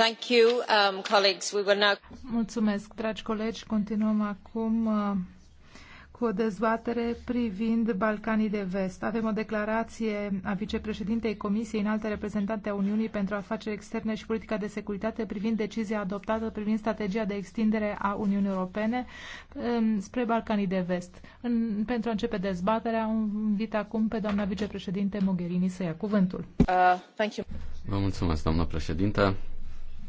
Um, mulțumesc, dragi colegi. Continuăm acum uh, cu o dezbatere privind Balcanii de Vest. Avem o declarație a vicepreședintei Comisiei înalte reprezentante a Uniunii pentru afaceri externe și politica de securitate privind decizia adoptată privind strategia de extindere a Uniunii Europene um, spre Balcanii de Vest. În, pentru a începe dezbaterea, invit acum pe doamna vicepreședinte Mogherini să ia cuvântul. Uh, thank you. Vă mulțumesc, doamna președinte.